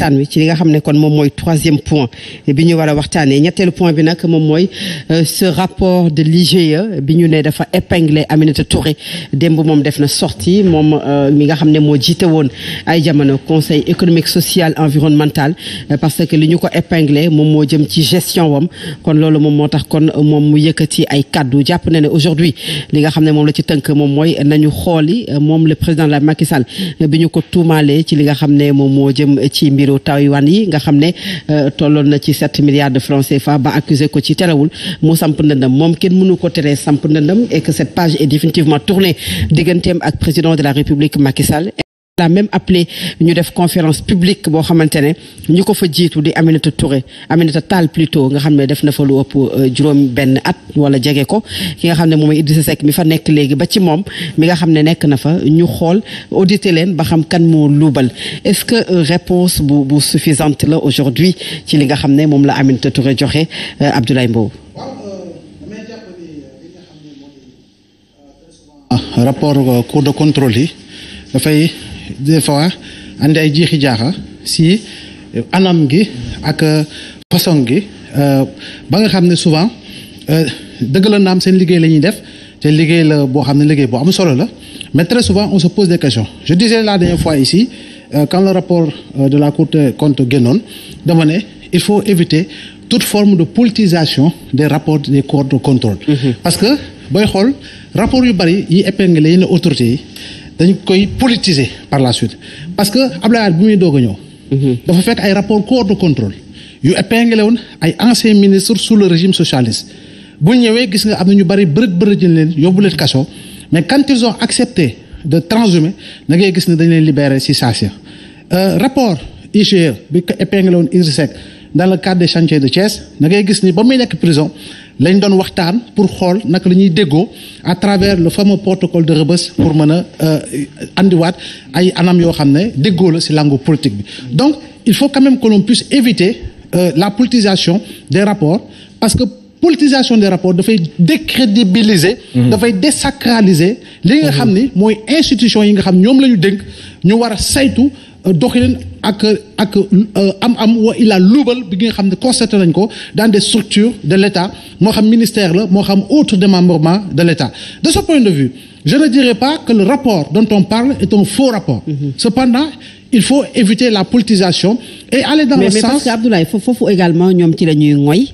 waxtaan wi ci li nga xam ne kon moom mooy troisième point bi ñu war a waxtaanee ñetteelu point bi nag moom mooy euh, ce rapport de l'IGE bi ñu ne dafa épinglé Aminata dem démb moom def na sortie moom euh, mi nga xam ne moo jiite woon ay jamono conseil économique social environnemental euh, parce que li ñu ko épinglé moom moo jëm ci gestion wam kon loolu moom moo tax kon moom mu yëkkati ay kaddu jàpp na ne aujourd'hui li nga xam ne moom la ci tënk moom mooy nañu xooli moom la président la Macky Sall bi ñu ko tuumaalee ci li nga xam ne moom moo jëm ci mbir affaire Taïwan yi nga xam ne euh, tolloon na ci sept milliards de francs CFA ba accusé ko ci terewul mu samp ndëndam moom kenn mënu ko teree samp ndëndam et que cette page est définitivement tournée digganteem ak président de la République Macky a même appelé ñu def conférence publique boo xamante ne ñu ko fa jiitu di Aminata Touré Aminata Tall plutôt nga xam ne def na fa lu ëpp euh, juróom benn at wala jege ko ki nga xam ne moom Idrissa Seck mi fa nekk léegi ba ci moom mi nga xam ne nekk na fa ñu xool auditer leen ba xam kan moo luubal est-ce que euh, réponse bu bu suffisante la aujourd'hui ci li nga xam ne moom la Aminata Touré joxe euh, Abdoulaye Mbow ah, rapport cour des fois andi ay jiixi jaaxa si anam gi ak euh, façon gi euh, ba nga xam ne souvent euh, dëgg la naam seen liggéey la ñuy def te liggéey la boo xam ne liggéey boo am solo la mais très souvent on se pose des questions je disais la dernière fois ici quand le rapport de la côte des génnoon dama ne il faut éviter toute forme de politisation des rapport des corps de contrôle. Mm-hmm. parce que booy xool rapport yu bari yi épinglé yi ne autorité yi. dañu koy politiser par la suite parce que Abdoulaye Wade bi muy doog a ñëw. Mhm. dafa fekk ay rapport corps de contrôle yu épinglé woon ay anciens ministres sous le régime socialiste bu ñëwee gis nga am na ñu bari bërëb bërëb jël leen yóbbu leen kaso mais quand ils ont accepté de transhumer da ngay gis ne dañu leen libéré ci saa si euh, rapport IGE bi ko épinglé woon Idrissa Seck dans le cadre des de Thiès da ngay gis ni ba muy nekk prison. lañ doon waxtaan pour xool naka la ñuy déggoo à travers le fameux protocole de Rebeuss pour mën a euh, andiwaat ay anam yoo xam ne déggoo la si langue politique bi donc il faut quand même que l'on puisse éviter euh, la politisation des rapports parce que politisation des rapport dafay décrédibiliser. Mmh. dafay désacraliser. li nga mmh. xam ni mooy institution yi nga xam ñoom la ñu dénk ñu war a saytu. Euh, doxalin ak ak euh, am-am wa illaa luubal bi nga xam ne constaté nañ ko dans des structures de l'État moo xam ministère la moo xam autre démembrement de l'État de ce point de vue je ne dirais pas que le rapport dont on parle est un faux rapport mm-hmm. cependant il faut éviter la politisation et aller dans mais, le sens mais parce que également ñoom ci la ñuy ngoy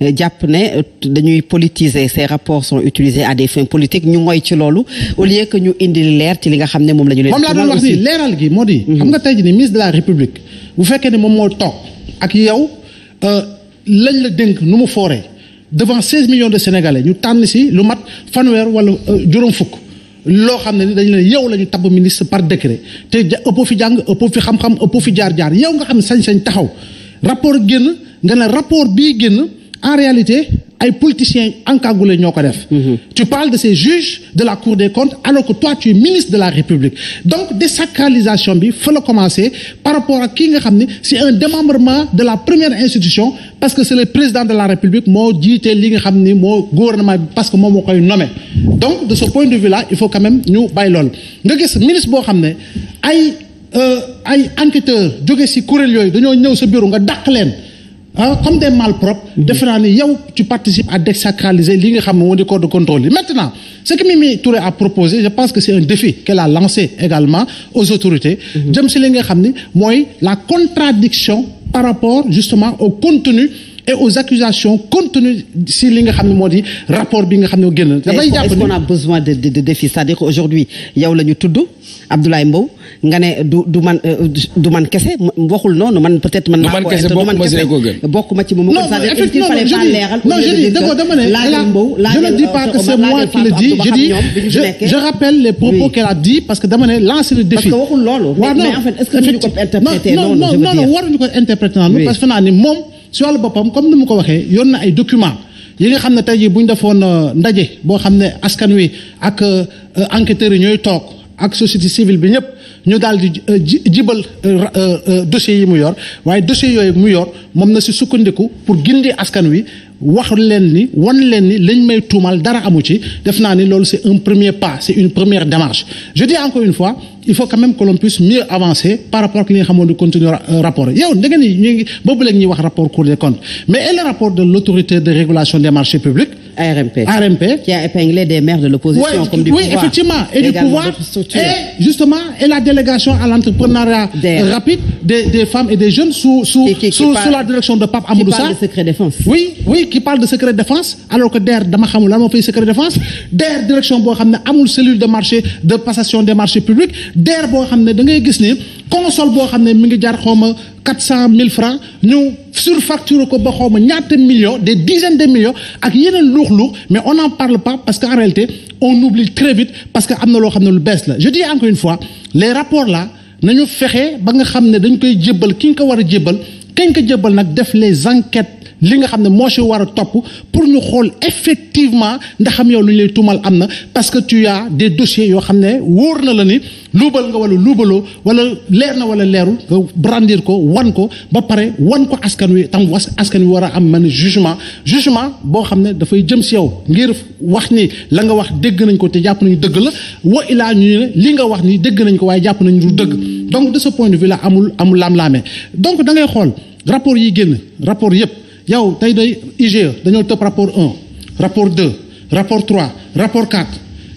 jàpp ne euh, dañuy politiser ces rapport sont utiliser à des fins politiques ñu ngoy ci loolu au lieu que ñu indi leer ci li nga xam ne moom lañu ñu leen moom laa doon wax leeral gi moo di mhm. xam nga tey ji ni ministre de la république bu fekkee ne moom mooy toog ak yow euh, lañ la dénk nu mu fooree devant seize millions de sénégalais ñu tànn si lu mat fanweer wala euh, juróom fukk loo xam ne ni dañu leen yow la ñu tabb ministre par décret te ëppoo fi jàng ëppoo fi xam-xam ëppoo fi jaar-jaar yow nga sañ-sañ taxaw rapport génn nga rapport bii génn en réalité ay politiciens encagoulés ñoo ko def. Mm-hmm. tu parles de ces juges de la cour des comptes alors que toi tu es ministre de la république donc désacralisation bi fa la commencé par rapport ak kii nga xam ne c'est un démembrement de la première institution parce que c'est le président de la république moo jiite li nga xam ni moo gouvernement bi parce que moom moo koy nommé donc de ce point de vue là il faut quand même ñu bàyyi loolu nga gis ministre boo xam ne ay euh, ay enquêteurs jóge ci kuréel yooyu dañoo ñëw sa bureau nga dàq leen. ah comme des malpropres. Mhm. defe naa ne yow tu participes à désacraliser li nga xam ne moo di corps de contrôle yi maintenant ce que Mimi Touré a proposé je pense que c' est un défi qu'elle a lancé également aux autorités. Mhm. jëm si li nga xam ne mooy la contradiction par rapport justement au contenu. et aux accusations contenues si li nga xam ne moo di rapport bi nga xam ne génn. dafay jàpp est-ce qu'on a besoin de défi cest dire qu'aujourd'hui yow la ñu tudd Abdoulaye Mbow. nga ne du du man euh, du man kese waxul noonu man peut-être man. maa ko du man kese bokk ma ci moom. non effectivement non je dis non je ne dis pas euh, que a dit parce que dama ne lancer le défi. ko interpréter noonu ko interpréter noonu. moom si wàllu boppam comme ni mu ko waxee yoon na ay documents. yi nga xam ne tey jii bu ñu defoon euh, ndaje boo xam ne askan wi ak enquêteurs yi ñooy toog ak société civile bi ñëpp ñu daal di euh, jibal euh, euh, dossiers yi mu yor waaye dossiers yooyu mu yor moom na si sukkandiku pour gindi askan wi wax leen ni wan leen ni lañ may tuumal dara amu ci def naa ni loolu c'est un premier pas c'est une première démarche je dis encore une fois il faut quand même que l'on avancer par rapport ak li xamoon di continuer rapport yow da nga ni ngi boobu la wax rapport Cour des comptes mais et le rapport de l'autorité ARMP. ARMP. Qui a épinglé des maires de l'opposition oui, effectivement. Et du pouvoir. Et justement, et la délégation à l'entrepreneuriat rapide des, des, femmes et des jeunes sous, sous, qui, la direction de Pape Amadou Qui parle de secret de défense. Alors que DER, dama xamul lan moo de secret défense. DER, direction boo xam ne amul cellule de marché, de passation des marchés publics. DER boo xam ne da ngay gis ne console boo xam ne mi ngi jar xawma quatre cent mille francs ñu surfacture ko ba xawma ñaata millions des dizaines de millions ak yeneen luux-luux mais on n'en parle pas parce que réalité on oublie très vite parce que am na loo xam ne lu bees la je dis encore une fois les rapports là nañu fexe ba nga xam ne dañ koy jébbal ki nga ko war a jébbal kañ ko jébbal nag def les enquêtes li nga xam ne moo si war a topp pour ñu xool effectivement ndax xam yow lu ñu lay tuumal am na parce que tu as des dossiers yoo xam ne wóor na la ni luubal nga wala luubaloo wala leer na wala leeru nga brandir ko wan ko ba pare wan ko askan wi tam was askan wi war a am man jugement jugement boo xam ne dafay jëm si yow ngir wax ni la nga wax dégg nañ ko te jàpp nañu dëgg la wa ilaa ñu ne li nga wax ni dégg nañ ko waaye jàpp nañu du dëgg donc de ce point amul amul laam-laamee da ngay xool rapport yi génn rapport yëpp yow tey day IGE dañoo tëb rapport 1 rapport 2 rapport 3 rapport 4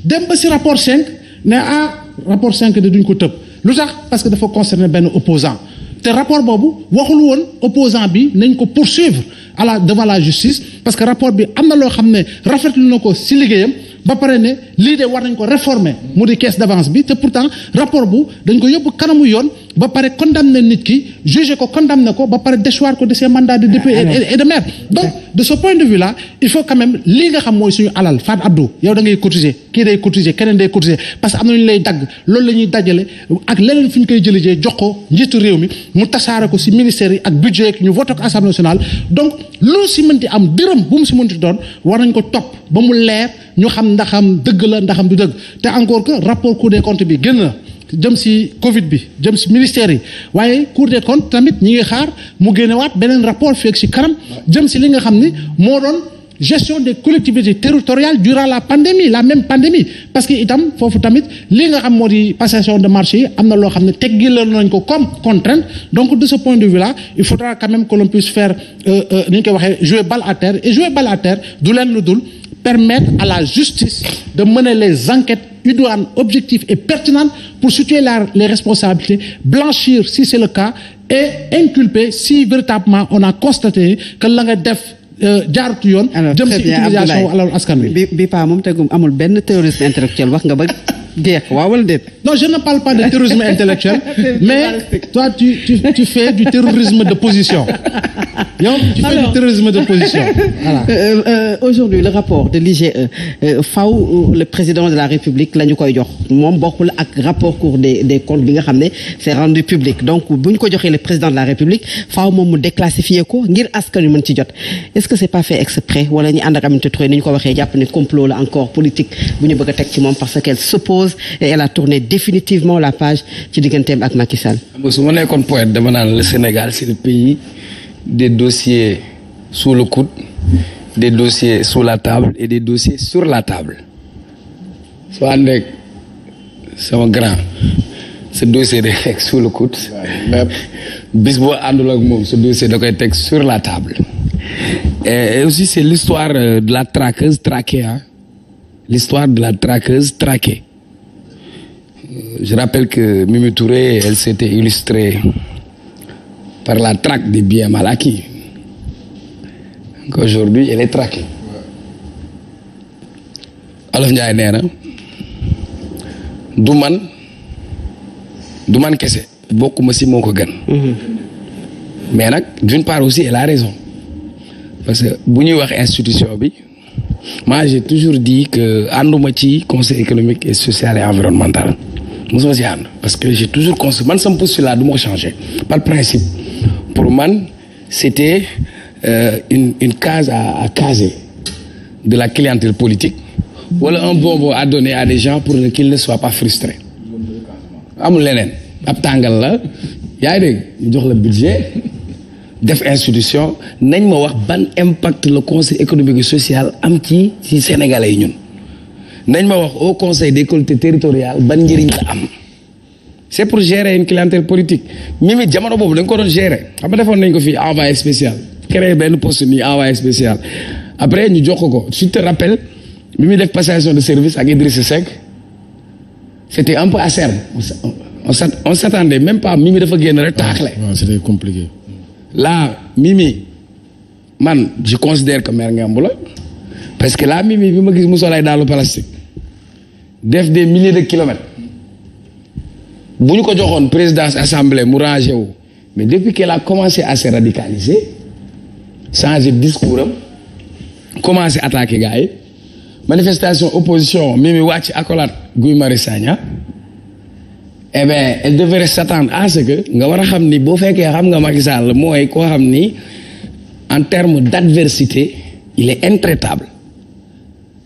dem ba si rapport 5 ne ah rapport 5 de duñ ko tëb lu sax parce que dafa concerner benn opposant te rapport boobu waxul woon opposant bi nañ ko poursuivre à la devant la justice parce que rapport bi am na loo xam ne rafetlu na ko si liggéeyam ba pare ne lii de war nañ ko réformer mu di caisse d'avance bi te pourtant rapport bu dañ ko yóbbu kanamu yoon ba pare condamné nit ki jugé ko condamné ko ba pare déchoir ko de ses mandats de député et de maire donc de ce point de vue là il faut quand même lii nga xam mooy suñu alal Fat Abdou yow da ngay cotiser kii day cotiser keneen day cotiser parce que am na ñu lay dagg loolu la ñuy dajale ak leneen fu ñu koy jëlijee jox ko njiitu réew mi mu tasaare ko si ministère yi ak budget ñu voté ko assemblée nationale donc loolu si mënti am dërëm bu mu si mënti doon war nañ ko topp ba leer ñu xam ndaxam dëgg la ndaxam du dëgg te encore que rapport Cour bi génn na jëm si Covid bi jëm si ministère yi waaye Cour des comptes tamit ñi ngi xaar mu génnewaat beneen rapport feeg si kanam jëm si li nga xam ni moo doon gestion des collectivités territoriales durant la pandémie la même pandémie parce que itam foofu tamit li nga xam moo di passation de marché yi am na loo xam ne teggil la nañ ko comme contrainte donc de ce point de vue là il faudra quand même que l'on faire euh, euh, ni ñu koy waxee jouer balle à terre et jouer balle dul permettre à la justice de mener les enquêtes idoine, objectif et pertinente pour situer la, les responsabilités, blanchir si c'est le cas et inculper si véritablement on a constaté que la nga def euh, jaarut yoon. jëm ci utilisation alalu askan wi. bi bi Paa moom tegum amul benn terrorisme intellectuel wax nga ba jeex waaw wala déet. non je ne parle pas de terrorisme intellectuel mais toi tu tu tu fais du terrorisme de position. yow tu fais du terrorisme d'opposition voilà. Euh, euh, euh, aujourd'hui le rapport de l'IGE euh, euh, faw le président de la République la ñu koy jox moom bokkul ak rapport Cour des comptes bi nga xam ne c'est rendu public donc bu ñu ko joxee le président de la République faw moom mu déclassifier ko ngir askan wi mën ci jot est-ce que c'est pas fait exprès wala ñu ànd ak Aminata Touré ni ñu ko waxee jàpp ne complot la encore politique bu ñu bëgg a teg ci moom parce qu'elle s'oppose et a tourné définitivement des dossiers sous le coude, des dossiers sous la table et des dossiers sur la table soo ànd ak sama grand sa dossier day teg sous le coude bis boo àndul moom sa dossier da koy teg sur la table et aussi c'est l'histoire euh, de la traqueuse traquée l'histoire de la traqueuse traquée euh, je rappelle que Mimi Touré elle s'était illustrée par la traque des biens mal acquis. Qu'aujourd'hui, elle est traquée. Njaay nee na du man du man kese bokkuma si moo ko gën. Mhm. mais nag d'une part aussi elle a raison parce que bu ñuy wax institution bi moi j'ai toujours dit que ànduma ci conseil économique et social et environnemental mosuma si ànd parce que j'ai toujours conseil man sama postulat du ma ko changé par principe. pour man c'était euh, une une case à, à caser de la clientèle politique wala un bonbon à donner à des gens pour qu'ils ne soient pas frustrés amul leneen ab tàngal la yaa de dégg ñu jox la budget def institution nañ ma wax ban impact le conseil économique et social am ci ci sénégalais yi ñun nañ ma wax au conseil des collectivités territoriales ban njëriñ la am c'est pour gérer une clientèle politique Mimi jamono boobu dañ ko doon gérer xam nga defoon nañ ko fii envoyé spécial créé benn poste nii envoyé spécial après ñu jox ko tu te rappelles bi muy def passation de service ak Idrissa Seck c'était un peu acerbe on on s'attendait même pas Mimi dafa génn rek taaxle. waaw c'était compliqué. là Mimi man je considère que mère ngemb la parce que là Mimi bi ma gis mu sol ay daalu plastique def des milliers de kilomètres. bu ñu ko joxoon présidence assemblée mu rangé wu mais depuis qu'elle a commencé à se radicaliser changer discours am commencé attaquer gars yi manifestation opposition Mimi wàcc accolade Guy Marius Sagna eh bien elle devrait s'attendre à que nga war a xam ni boo fekkee xam nga Macky Sall mooy koo xam ni en termes d'adversité il est intraitable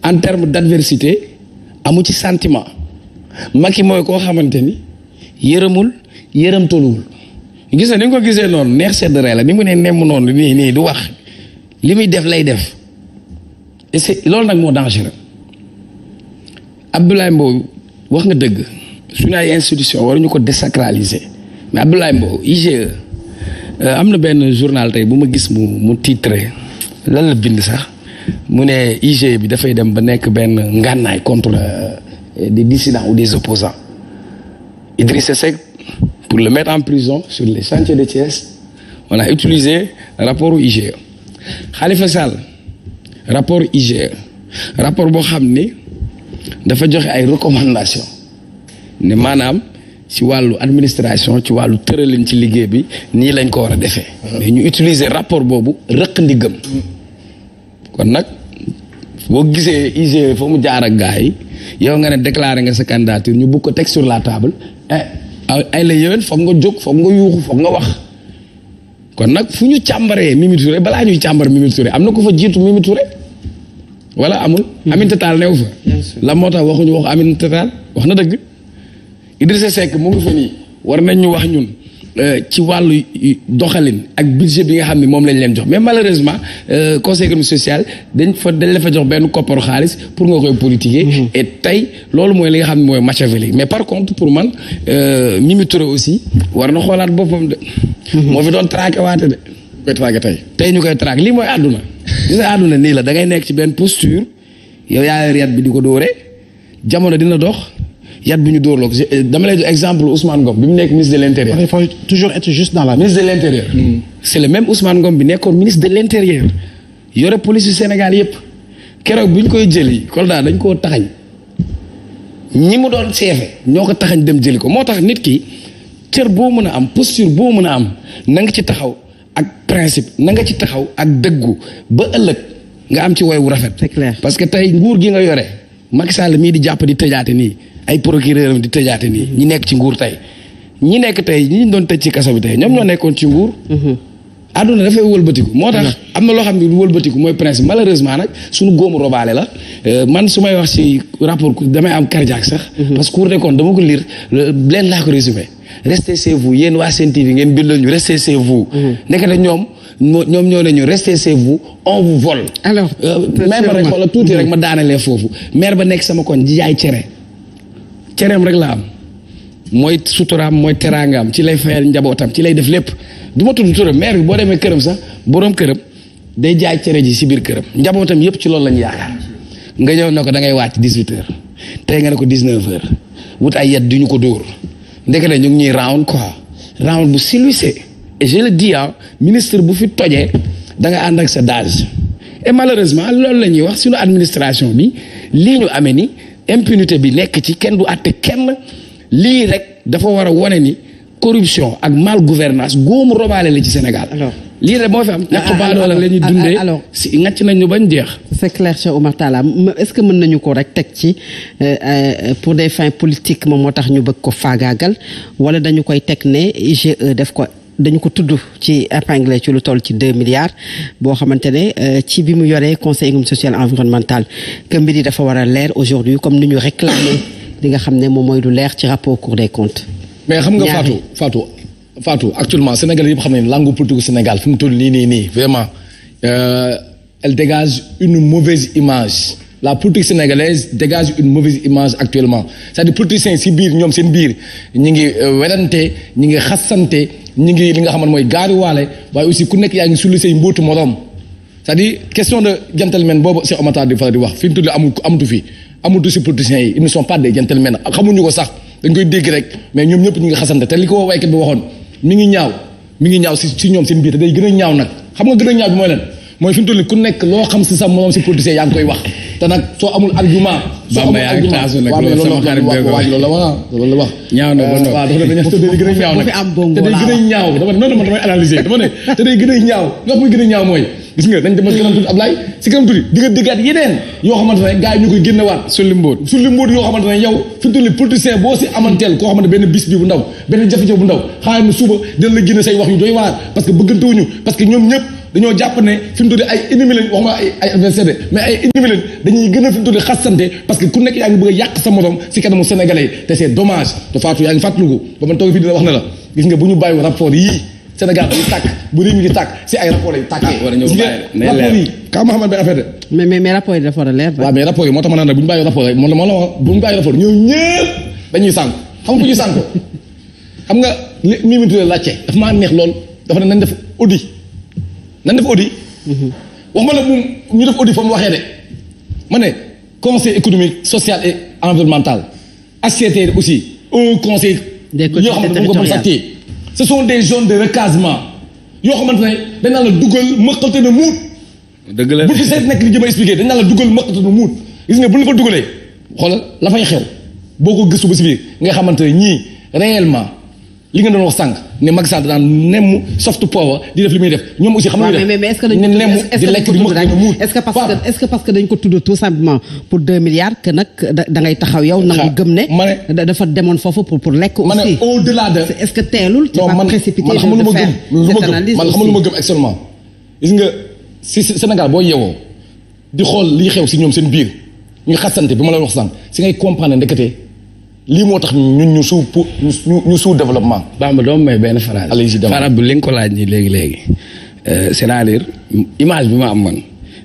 en termes d'adversité amu ci sentiment Macky mooy koo xamante ni yërëmul yërëmtaluwul gis na ni nga ko gisee noonu neex sedd rey la ni mu ne nemm noonu nii nii du wax li muy def lay def et loolu nag moo dangereux Abdoulaye Mbow wax nga dëgg suñu ay institution ñu ko désacraliser mais Abdoulaye Mbow IGE euh, am na benn journal tey bu ma gis mu mu titré lan la bind sax mu ne IGE bi dafay dem ba nekk benn ngànnaay contre euh, des dissidents ou des opposants Idrissa Seck pour le mettre en prison sur les chantiers de Thiès on a utilisé rapport IGE Khalifa Sall rapport IGE rapport boo xam ni dafa joxe ay recommandations ne maanaam ci wàllu administration ci wàllu tëralin ci liggéey bi nii lañ ko war a defee. mais ñu utiliser rapport boobu rëq ndiggam kon nag boo gisee IGE fa mu jaar ak gars yi yow nga ne déclaré nga sa candidature ñu bugg ko teg sur la table Eh, ay la yéwén foog nga jóg foog nga yuuxu foog nga wax kon nag fu ñu càmbaree Mimi Touré balaa ñuy càmbar Mimi Touré am na ko fa jiitu Mimi Touré wala amul. Hmm. Aminata Tall neew fa. la moo tax waxuñu wax Aminata Tall wax na dëgg Idrissa Seck mu ngi fa nii war nañ ñu wax ñun. Euh, ci wàllu doxalin ak budget bi nga xam ne moom lañ leen jox mais malheureusement euh, conseil économique social dañ fa dañ la fa jox benn kopparu xaalis pour nga koy politiquer. Mm-hmm. et tey loolu mooy li xam ne mooy Machiavelli mais par contre pour man euh, Mimi Touré aussi war na xoolaat boppam de. Mm-hmm. moo fi doon traqué waate de. tey. ñu koy traqué lii mooy àdduna. gis nga àdduna nii la da ngay nekk ci benn posture yow yaa reet bi di ko dóore jamono dina dox. yat bi ñu dóorloo euh, dama lay jox exemple Ousmane Ngom bi mu nekk ministre de l' intérieur. il faut toujours être juste dans l' intérieur. Hmm. c' est le même Ousmane Ngom bi nekkoon ministre de l' yore police yu Sénégal yëpp keroog bi ñu koy jëli Kolda dañ koo taxañ ñi mu doon seefe ñoo ko taxañ dem jëli ko moo tax nit ki cër boo mën a am posture boo mën a am na nga ci taxaw ak principe na nga ci taxaw ak dëggu ba ëllëg nga am ci woy wu rafet. c'est clair parce que tey nguur gi nga yore Macky Sall mii di jàpp di tëjaate nii. ay procureur di tëjaate nii ñi nekk ci nguur tey ñi nekk tey ñi doon tëj ci kaso bi tey ñoom ñoo nekkoon ci nguur mhm. àdduna dafay wëlbatiku moo tax mhm. am na loo xam ne wëlbatiku mooy principe malheureusement nag suñu góomu robaale la euh, man su may wax ci rapport damay am cardiaque sax mhm. parce que Cour des dama ko lire leen laa ko résumé restez yéen waa Sen TV ngeen bindal ñu restez chez vous nekkate ñoom ñoom ñoo ne ñu restez chez vous on vous vole euh, maire ba rek xoola tuuti rek foofu maire ba nekk sama koñ ji jaay cere cereem rek la am mooy suturaam mooy teraangaam ci lay fayal njabootam ci lay def lépp du ma tudd turam maire bi boo demee këram sax boroom këram day jaay cere ji si biir këram njabootam yëpp ci loolu lañu yaakaar nga ñëw na ko da ngay wàcc dix huit heures tey nga ne ko dix neuf heures wut ay yat duñu ñu ko dóor ndekete ñu ngi ñuy round quoi round bu siluissé et je le dis ah ministre bu fi tojee da nga ànd ak sa dage et malheureusement loolu la ñuy wax suñu administration bi lii amee ni impunité bi nekk ci kenn du àtte kenn lii rek dafa war a wane ni corruption ak mal gouvernance góomu robaale la ci Sénégal. lii rek moo am. Ah, ñàkk baadoo la ñuy dundee si ngàcc nañ ñu bañ jeex. c'est clair Cheikh Oumar Talla est-ce que mën nañu ko rek teg ci euh, euh, pour des fin politique moom moo tax ñu bëgg ko faagaagal wala dañu koy teg ne IGE def ko. dañu ko tudd ci épinglé ci lu toll ci deux milliards boo xamante ne euh, ci bi mu yoree conseil économique social environnemental que mbir yi dafa war a leer aujourd'hui comme ni ñu réclamé li nga xam ne moom mooy lu leer ci rapport Cour des comptes. mais xam nga Fatou Fatou Fatou actuellement Sénégal yëpp xam ne langue politique Sénégal fu mu toll nii nii nii vraiment euh, elle dégage une mauvaise image. la politique sénégalaise dégage une mauvaise image actuellement c'est-à-dire si biir ñoom seen biir ñi ngi euh, werante ñi ngi xasante ñi ngi li nga xamante mooy gaariwaale waaye aussi ku nekk yaa ngi sulli say mbóotu moroom c'est-à-dire question de gentleman boobu Cheikh Oumar Tall di faral di wax fi mu tudd amul amatu fi si politiciens yi ils ne sont pas des gentlemen xamuñu ko sax dañ koy dégg rek mais ñoom ñëpp ñu ngi xasante te li ko waykat bi waxoon mi ngi ñaaw mi ngi ñoom seen biir te day gën a nga mooy leen mooy fi mu tudd loo xam si sa moroom si politiciens yaa ngi te nag soo amul argument. soo amul argument loolu sama xarit bee ko wax loolu la wax loolu la wax. ñaaw na ba euh, noonu waaw dafa nekk te day gën a ñaaw nag te day gën a ñaaw dama ne non non man damay analyser dama ne te day gën a ñaaw nga muy gën a ñaaw mooy gis nga nañ demal kanam si kanam tuuti di nga yeneen yoo xamante ne gars yi ñu koy génnewaat sulli mbóot sulli mbóot yoo xamante ne yow fi mu toll politicien boo si amanteel koo xamante benn bis bi bu ndaw benn jafe-jafe bu ndaw xaaral na parce que bëggantewuñu parce que ñoom ñëpp dañoo jàpp ne fi ay ennemi lañ waxuma dañuy gën a fi mu toll xasante parce que ku nekk yaa ngi bëgg yàq sa morom si kanamu sénégalais te c'est dommage te Fatou yaa ngi fàttaliku ba man toog fii dina wax ne la gis nga bu ñu bàyyi rapport yii Sénégal bi bu réew mi di tàkk si ay rapport lañu tàkkee. Ah, war nañoo rapport yi Ka Mouhamed Bay affaire mais mais mais rapport yi dafa war a leer. waaw mais rapport yi moo tax ma naan bu ñu bàyyi rapport yi moom la moom la ma bu ñu bàyyi rapport ñoom ñëpp dañuy sànq xam nga ku ñu sànq xam nga li mi mu laajte dafa maa neex lool dafa ne nañ def audit nañ def audit. Mhm. wax ma la moom ñu def audit fa mu waxee de ma ne conseil économique social et environnemental HCT aussi un conseil. des collectivités territoriales yoo xam ce sont des zones de recasement yoo xamante ne dañ naan la dugal mëqalte na muut. dëgg la bu fi seet nekk li jëm a expliqué da naan la dugal mëqalte na muut gis nga bu ñu fa dugalee xoolal la fay xew boo ko gëstu ba si biir nga xamante ne ñii réellement. li nga doon wax sànq ne Macky daan nemm soft power di def li muy def ñoom aussi. xam nga mais mais est-ce que dañ ko tudd est est-ce que parce que dañ ko tudd tout simplement pour deux milliards que nag da taxaw yow. nangu gëm ne dafa demoon foofu pour pour lekk. aussi au-delà de. est-ce que teelul. ci précipité man xam lu ma gëm man xam lu ma si Sénégal boo yeewoo di xool liy xew si ñoom seen biir ñu xasante bi ma la wax sànq si ngay comprendre ndekete lii moo tax ñun ñu sous pour ñu sous développement. Bamba doom may benn phrase. allez bu li nga ko laaj nii léegi léegi. Euh, c'est-à-dire image bi ma am man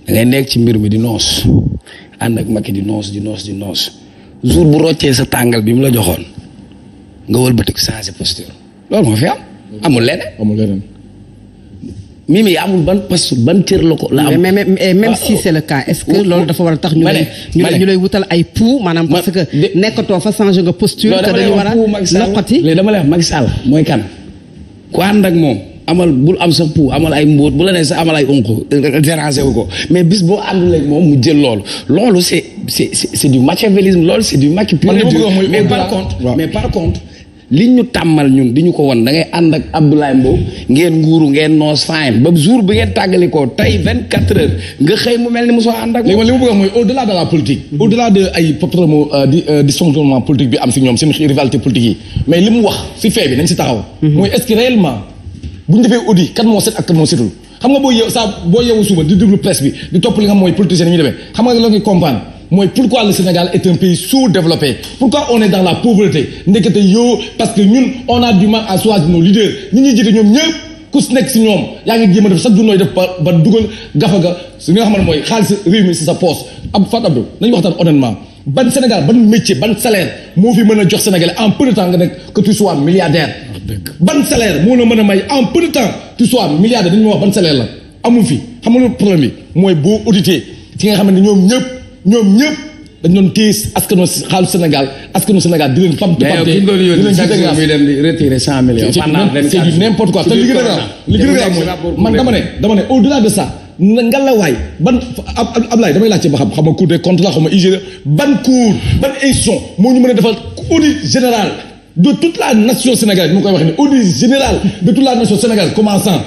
da nekk ci mbir mi di noos ànd ak Macky di noos di noos di noos jour bu roccee sa tàngal bi mu la joxoon nga wëlbatiku changé posture loolu moo fi am. amul leneen amul leneen. Mimi amul ban poste ban cër la ko. la am mais mais même ah, est-ce que oh, loolu oh. dafa war a tax. ñu lay ñu lay wutal ay pou maanaam parce que nekkatoo fa changé nga posture. te dañu war a loqati léegi dama lay wax mooy kan. ku ànd ak moom amal bul am sax pou amal ay mbóot bu la nee sa amal ay onk déranger wu ko mais bis boo àndul ak moom mu jël lool loolu c'est c'est c'est du machiavélisme loolu c'est du Macky pur mais par contre mais li ñu tàmmal ñun di ñu ko won da ngay ànd ak Abdoulaye Mbow ngeen nguuru ngeen noos fine ba jour bi ngeen tàggali ko tey vingt quatre heures nga xëy mu mel ni mosoo ànd ak léegi bëgg mooy au delà mm-hmm. euh, euh, si ñoom seen rivalité politique yi mais li mu wax si fee bi nañ si taxaw mm-hmm. mooy est-ce que réellement bu moo set xam nga boo yeew saa di déglu presse bi di topp li nga mooy politiciens ñu demee xam nga la ngay comprendre mooy pourquoi le Sénégal est un pays sous-développé pourquoi on est dans la pauvreté ndekete yow parce que ñun on a du mal à choisir nos leaders ñi ñuy ñoom ñëpp ku si nekk si ñoom yaa ngi jéem def chaque jour nooy def ba ba dugal gafa ga su nga xamante mooy xaalis réew mi si sa poche ab Fatou Abdou nañu waxtaan honnêtement ban Sénégal ban métier ban salaire moo fi mën a jox Sénégalais en peu de temps nga nekk que tu sois milliardaire. Ah, ban salaire moo mën a may en peu de temps tu sois milliardaire dañu ma wax ban salaire la amul fi xam nga problème bi mooy boo audité ci nga xam ne ñoom ñëpp. ñoom ñëpp dañ doon téye askanu xaalis Sénégal askanu Sénégal di leen pam di pam di leen chaque muy dem di retirer cent millions c'est du n'importe quoi te li gën a grave li gën a grave mooy man dama ne dama ne au delà de ça na ngalawaay ban Ablaye damay laajte ba xam xam nga cour des comptes la xam nga IGE ban cour ban institution moo ñu mën a defal audit général de toute la nation sénégalaise mu koy waxee ni audit général de toute la nation sénégalaise commençant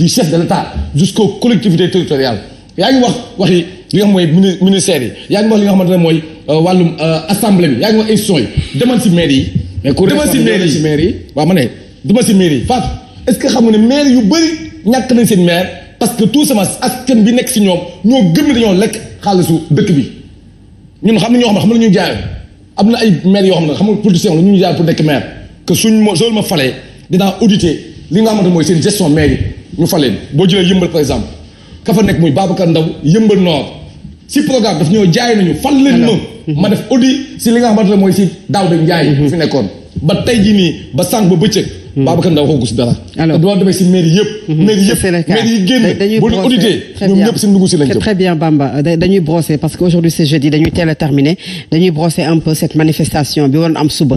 du chef de l'État jusqu'aux collectivités territoriales yaa ngi wax waxi li nga xam ministère yi yaa ngi wax li nga xamante ne mooy euh, wàllum euh, assemblée bi yaa ngi wax institution demal si maire yi. mais ku demal si maire yi maire yi. waaw ma ne demal si maire yi Fatou que xam nga ne maire yu bëri ñàkk nañ seen maire parce que tout sama askan bi nekk si ñoom ñoo gëm ne dañoo lekk xaalisu dëkk bi ñun xam ne ñoo xam ne xam na ñu jaay am na ay maire yoo xam ne xam nga politicien la ñu jaay pour nekk maire que suñ ma soo ma falee dinaa auditer li nga xamante ne mooy seen gestion maire yi ñu falee boo jëlee yëmbal par exemple ka fa nekk muy Babacar Ndaw yëmbal Nord si programme daf ñoo jaay nañu fal leen ma mhm. ma def audit si li nga xamante ne mooy si Daouda Ndiaye si mhm. nekkoon ba tey jii nii ba sànq ba bëccëg mhm. Babacar Ndao waxoo si dara alors doo demee si mairie yëpp mairie yëpp mairie yi génn bu ñu audité ñoom ñëpp si lañ très bien Bamba dañuy brosser parce que aujourd'hui c'est jeudi dañuy teel a terminé dañuy brosser un peu cette manifestation bi waroon am suba